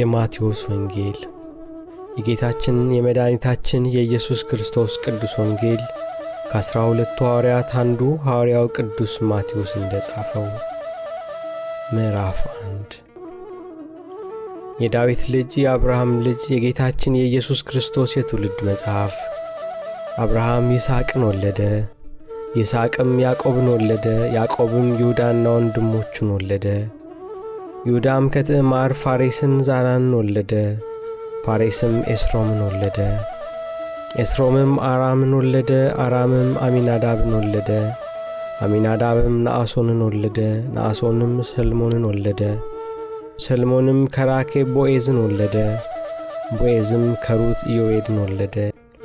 የማቴዎስ ወንጌል የጌታችን የመድኃኒታችን የኢየሱስ ክርስቶስ ቅዱስ ወንጌል ከአሥራ ሁለቱ ሐዋርያት አንዱ ሐዋርያው ቅዱስ ማቴዎስ እንደ ጻፈው። ምዕራፍ አንድ የዳዊት ልጅ የአብርሃም ልጅ የጌታችን የኢየሱስ ክርስቶስ የትውልድ መጽሐፍ። አብርሃም ይስሐቅን ወለደ። ይስሐቅም ያዕቆብን ወለደ። ያዕቆብም ይሁዳና ወንድሞቹን ወለደ። ይሁዳም ከትዕማር ፋሬስን ዛራን ወለደ። ፋሬስም ኤስሮምን ወለደ። ኤስሮምም አራምን ወለደ። አራምም አሚናዳብን ወለደ። አሚናዳብም ነአሶንን ወለደ። ነአሶንም ሰልሞንን ወለደ። ሰልሞንም ከራኬ ቦኤዝን ወለደ። ቦኤዝም ከሩት ኢዮቤድን ወለደ።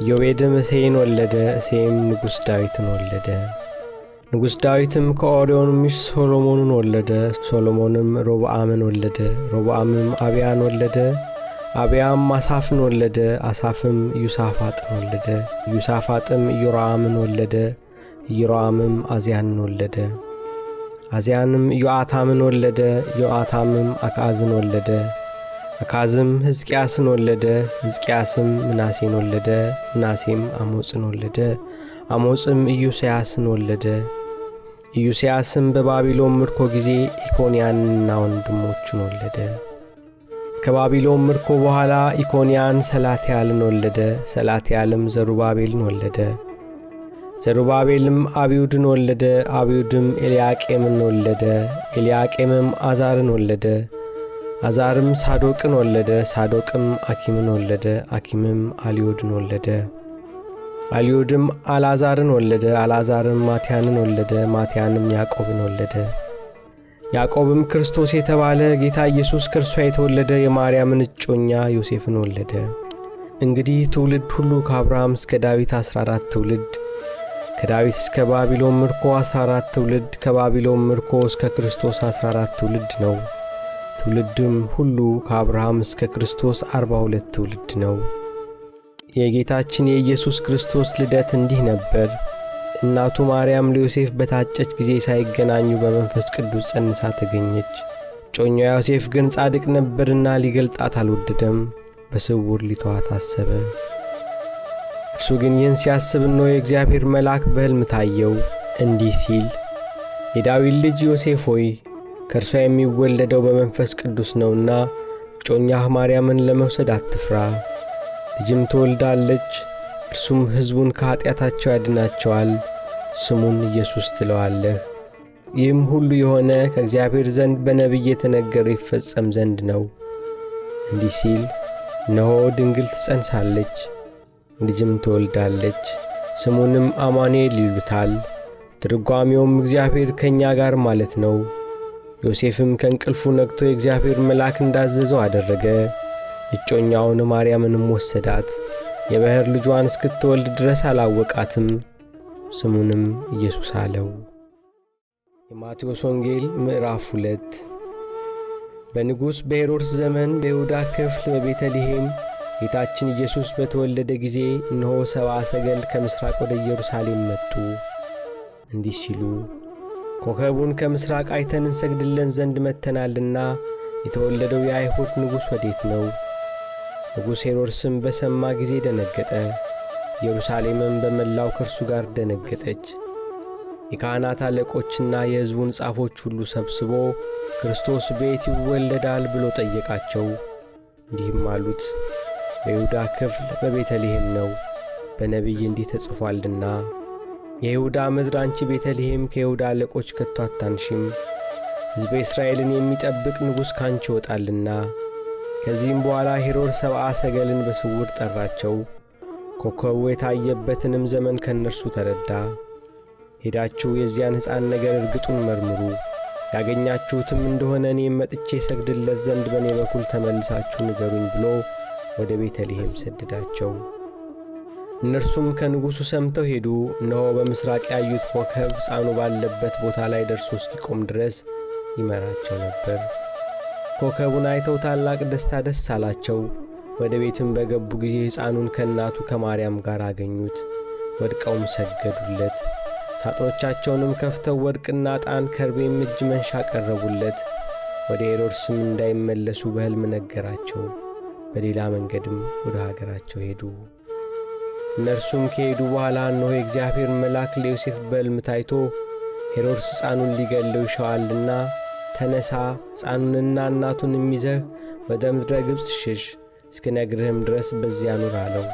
ኢዮቤድም እሴይን ወለደ። እሴይም ንጉሥ ዳዊትን ወለደ። ንጉሥ ዳዊትም ከኦርዮን ሚስት ሶሎሞንን ወለደ። ሶሎሞንም ሮብዓምን ወለደ። ሮብዓምም አብያን ወለደ። አብያም አሳፍን ወለደ። አሳፍም ኢዩሳፋጥን ወለደ። ኢዩሳፋጥም ኢዮራምን ወለደ። ኢዮራምም አዝያንን ወለደ። አዝያንም ዮአታምን ወለደ። ዮአታምም አካዝን ወለደ። አካዝም ሕዝቅያስን ወለደ። ሕዝቅያስም ምናሴን ወለደ። ምናሴም አሞፅን ወለደ። አሞፅም ኢዮስያስን ወለደ። ኢዩስያስም በባቢሎን ምርኮ ጊዜ ኢኮንያንና ወንድሞቹን ወለደ። ከባቢሎን ምርኮ በኋላ ኢኮንያን ሰላትያልን ወለደ። ሰላትያልም ዘሩባቤልን ወለደ። ዘሩባቤልም አብዩድን ወለደ። አብዩድም ኤልያቄምን ወለደ። ኤልያቄምም አዛርን ወለደ። አዛርም ሳዶቅን ወለደ። ሳዶቅም አኪምን ወለደ። አኪምም አልዮድን ወለደ። አልዮድም አልዓዛርን ወለደ። አልዓዛርም ማትያንን ወለደ። ማትያንም ያዕቆብን ወለደ። ያዕቆብም ክርስቶስ የተባለ ጌታ ኢየሱስ ከእርሷ የተወለደ የማርያም እጮኛ ዮሴፍን ወለደ። እንግዲህ ትውልድ ሁሉ ከአብርሃም እስከ ዳዊት 14 ትውልድ ከዳዊት እስከ ባቢሎን ምርኮ 14 ትውልድ ከባቢሎን ምርኮ እስከ ክርስቶስ 14 ትውልድ ነው። ትውልድም ሁሉ ከአብርሃም እስከ ክርስቶስ 42 ትውልድ ነው። የጌታችን የኢየሱስ ክርስቶስ ልደት እንዲህ ነበር። እናቱ ማርያም ለዮሴፍ በታጨች ጊዜ ሳይገናኙ በመንፈስ ቅዱስ ጸንሳ ተገኘች። ጮኛዋ ዮሴፍ ግን ጻድቅ ነበርና ሊገልጣት አልወደደም፣ በስውር ሊተዋት አሰበ። እርሱ ግን ይህን ሲያስብ እነሆ የእግዚአብሔር መልአክ በሕልም ታየው እንዲህ ሲል፣ የዳዊት ልጅ ዮሴፍ ሆይ ከእርሷ የሚወለደው በመንፈስ ቅዱስ ነውና ጮኛህ ማርያምን ለመውሰድ አትፍራ ልጅም ትወልዳለች፣ እርሱም ሕዝቡን ከኀጢአታቸው ያድናቸዋል፣ ስሙን ኢየሱስ ትለዋለህ። ይህም ሁሉ የሆነ ከእግዚአብሔር ዘንድ በነቢይ የተነገረው ይፈጸም ዘንድ ነው። እንዲህ ሲል እነሆ ድንግል ትጸንሳለች፣ ልጅም ትወልዳለች፣ ስሙንም አማኑኤል ይሉታል። ትርጓሜውም እግዚአብሔር ከእኛ ጋር ማለት ነው። ዮሴፍም ከእንቅልፉ ነቅቶ የእግዚአብሔር መልአክ እንዳዘዘው አደረገ። እጮኛውን ማርያምንም ወሰዳት። የባሕር ልጇን እስክትወልድ ድረስ አላወቃትም። ስሙንም ኢየሱስ አለው። የማቴዎስ ወንጌል ምዕራፍ ሁለት በንጉሥ በሄሮድስ ዘመን በይሁዳ ክፍል ልሔም ጌታችን ኢየሱስ በተወለደ ጊዜ እነሆ ሰብአ ሰገል ከምሥራቅ ወደ ኢየሩሳሌም መጡ። እንዲህ ሲሉ ኮከቡን ከምሥራቅ አይተን እንሰግድለን ዘንድ መተናልና የተወለደው የአይሁድ ንጉሥ ወዴት ነው? ንጉሥ ሄሮድስም በሰማ ጊዜ ደነገጠ፣ ኢየሩሳሌምም በመላው ከእርሱ ጋር ደነገጠች። የካህናት አለቆችና የሕዝቡን ጻፎች ሁሉ ሰብስቦ ክርስቶስ በየት ይወለዳል ብሎ ጠየቃቸው። እንዲህም አሉት፣ በይሁዳ ክፍል በቤተልሔም ነው፣ በነቢይ እንዲህ ተጽፏልና የይሁዳ ምድር አንቺ ቤተልሔም ከይሁዳ አለቆች ከቶ አታንሽም፣ ሕዝበ እስራኤልን የሚጠብቅ ንጉሥ ካንቺ ይወጣልና ከዚህም በኋላ ሄሮድ ሰብአ ሰገልን በስውር ጠራቸው። ኮከቡ የታየበትንም ዘመን ከእነርሱ ተረዳ። ሄዳችሁ የዚያን ሕፃን ነገር እርግጡን መርምሩ፣ ያገኛችሁትም እንደሆነ እኔም መጥቼ ሰግድለት ዘንድ በእኔ በኩል ተመልሳችሁ ንገሩኝ ብሎ ወደ ቤተልሔም ሰደዳቸው። እነርሱም ከንጉሡ ሰምተው ሄዱ። እነሆ በምሥራቅ ያዩት ኮከብ ሕፃኑ ባለበት ቦታ ላይ ደርሶ እስኪቆም ድረስ ይመራቸው ነበር። ኮከቡን አይተው ታላቅ ደስታ ደስ አላቸው። ወደ ቤትም በገቡ ጊዜ ሕፃኑን ከእናቱ ከማርያም ጋር አገኙት። ወድቀውም ሰገዱለት። ሳጥኖቻቸውንም ከፍተው ወርቅና ዕጣን፣ ከርቤም እጅ መንሻ ቀረቡለት። ወደ ሄሮድስም እንዳይመለሱ በሕልም ነገራቸው። በሌላ መንገድም ወደ ሀገራቸው ሄዱ። እነርሱም ከሄዱ በኋላ እነሆ የእግዚአብሔር መልአክ ለዮሴፍ በሕልም ታይቶ ሄሮድስ ሕፃኑን ሊገለው ይሻዋልና ተነሳ፣ ሕፃኑንና እናቱን የሚዘህ ወደ ምድረ ግብፅ ሽሽ፣ እስክነግርህም ድረስ በዚያ ኑር አለው።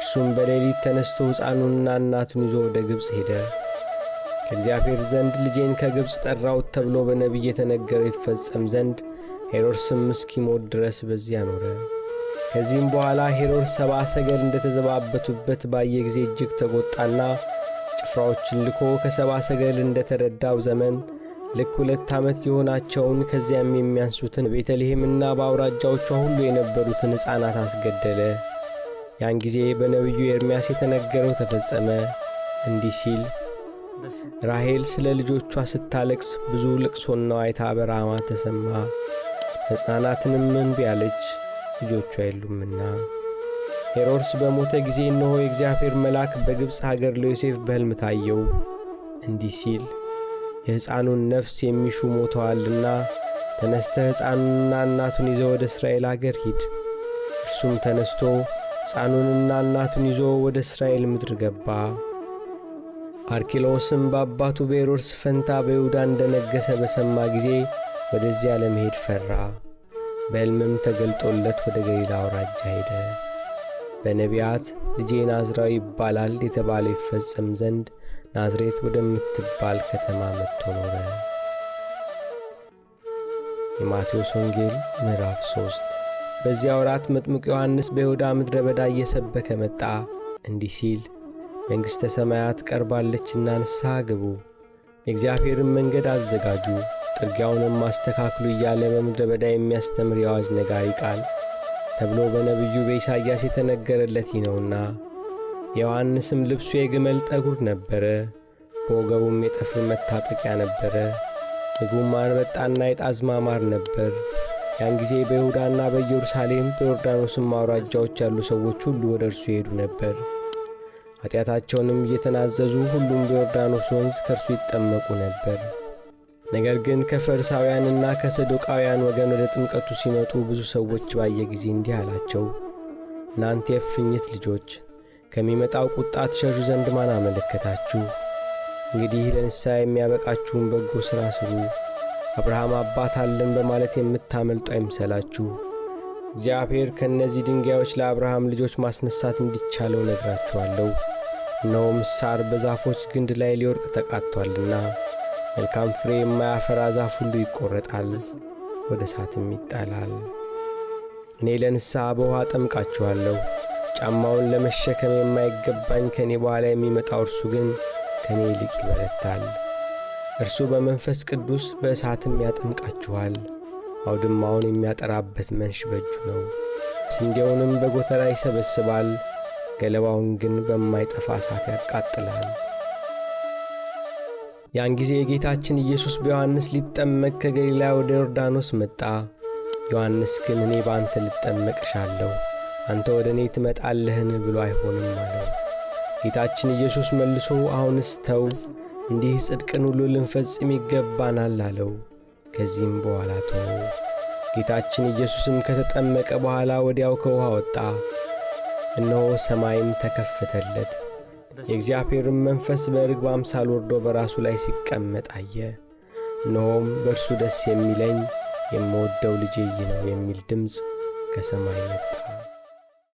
እርሱም በሌሊት ተነስቶ ሕፃኑንና እናቱን ይዞ ወደ ግብፅ ሄደ። ከእግዚአብሔር ዘንድ ልጄን ከግብፅ ጠራሁት ተብሎ በነቢይ የተነገረው ይፈጸም ዘንድ ሄሮድስም እስኪሞት ድረስ በዚያ ኖረ። ከዚህም በኋላ ሄሮድስ ሰባ ሰገል እንደተዘባበቱበት ባየ ጊዜ እጅግ ተቆጣና ጭፍራዎችን ልኮ ከሰባ ሰገል እንደተረዳው ዘመን ልክ ሁለት ዓመት የሆናቸውን ከዚያም የሚያንሱትን በቤተልሔምና በአውራጃዎቿ ሁሉ የነበሩትን ሕፃናት አስገደለ። ያን ጊዜ በነቢዩ ኤርምያስ የተነገረው ተፈጸመ እንዲህ ሲል ራሔል ስለ ልጆቿ ስታለቅስ ብዙ ልቅሶና ዋይታ በራማ ተሰማ። ሕፃናትንም እንቢ አለች፣ ልጆቿ የሉምና። ሄሮድስ በሞተ ጊዜ እነሆ የእግዚአብሔር መልአክ በግብፅ አገር ለዮሴፍ በሕልም ታየው እንዲህ ሲል የሕፃኑን ነፍስ የሚሹ ሞተዋልና ተነስተ ሕፃኑንና እናቱን ይዘ ወደ እስራኤል አገር ሂድ። እርሱም ተነስቶ ሕፃኑንና እናቱን ይዞ ወደ እስራኤል ምድር ገባ። አርኬሎስም በአባቱ በሄሮድስ ፈንታ በይሁዳ እንደነገሠ በሰማ ጊዜ ወደዚያ ለመሄድ ፈራ። በሕልምም ተገልጦለት ወደ ገሊላ አውራጃ ሄደ። በነቢያት ልጄ ናዝራዊ ይባላል የተባለው ይፈጸም ዘንድ ናዝሬት ወደምትባል ከተማ መጥቶ ኖረ። የማቴዎስ ወንጌል ምዕራፍ 3 በዚያ ወራት መጥምቅ ዮሐንስ በይሁዳ ምድረ በዳ እየሰበከ መጣ፣ እንዲህ ሲል መንግሥተ ሰማያት ቀርባለችና ንስሐ ግቡ፣ የእግዚአብሔርን መንገድ አዘጋጁ፣ ጥርጊያውንም አስተካክሉ እያለ በምድረ በዳ የሚያስተምር የአዋጅ ነጋሪ ቃል ተብሎ በነቢዩ በኢሳይያስ የተነገረለት ይህ ነውና የዮሐንስም ልብሱ የግመል ጠጉር ነበረ፣ በወገቡም የጠፍር መታጠቂያ ነበረ። ምግቡም አንበጣና የጣዝማ ማር ነበር። ያን ጊዜ በይሁዳና በኢየሩሳሌም በዮርዳኖስም አውራጃዎች ያሉ ሰዎች ሁሉ ወደ እርሱ ይሄዱ ነበር። ኃጢአታቸውንም እየተናዘዙ ሁሉም በዮርዳኖስ ወንዝ ከእርሱ ይጠመቁ ነበር። ነገር ግን ከፈሪሳውያንና ከሰዶቃውያን ወገን ወደ ጥምቀቱ ሲመጡ ብዙ ሰዎች ባየ ጊዜ እንዲህ አላቸው፣ እናንተ የእፉኝት ልጆች ከሚመጣው ቁጣ ትሸሹ ዘንድ ማን አመለከታችሁ? እንግዲህ ለንስሐ የሚያበቃችሁን በጎ ሥራ ስሩ። አብርሃም አባት አለን በማለት የምታመልጡ አይምሰላችሁ። እግዚአብሔር ከእነዚህ ድንጋዮች ለአብርሃም ልጆች ማስነሳት እንዲቻለው ነግራችኋለሁ። እነሆም ሳር በዛፎች ግንድ ላይ ሊወርቅ ተቃጥቷልና መልካም ፍሬ የማያፈራ ዛፍ ሁሉ ይቈረጣል፣ ወደ እሳትም ይጣላል። እኔ ለንስሐ በውኃ ጠምቃችኋለሁ ጫማውን ለመሸከም የማይገባኝ ከእኔ በኋላ የሚመጣው እርሱ ግን ከእኔ ይልቅ ይበረታል። እርሱ በመንፈስ ቅዱስ በእሳትም ያጠምቃችኋል። አውድማውን የሚያጠራበት መንሽ በእጁ ነው። ስንዴውንም በጎተራ ይሰበስባል፣ ገለባውን ግን በማይጠፋ እሳት ያቃጥላል። ያን ጊዜ የጌታችን ኢየሱስ በዮሐንስ ሊጠመቅ ከገሊላ ወደ ዮርዳኖስ መጣ። ዮሐንስ ግን እኔ በአንተ ልጠመቅሻለሁ አንተ ወደ እኔ ትመጣለህን ብሎ አይሆንም አለው። ጌታችን ኢየሱስ መልሶ አሁንስ ተው፣ እንዲህ ጽድቅን ሁሉ ልንፈጽም ይገባናል አለው። ከዚህም በኋላ ተው። ጌታችን ኢየሱስም ከተጠመቀ በኋላ ወዲያው ከውኃ ወጣ፣ እነሆ ሰማይም ተከፈተለት፣ የእግዚአብሔርም መንፈስ በርግብ አምሳል ወርዶ በራሱ ላይ ሲቀመጥ አየ። እነሆም በእርሱ ደስ የሚለኝ የምወደው ልጄ ይህ ነው የሚል ድምፅ ከሰማይ መጣ።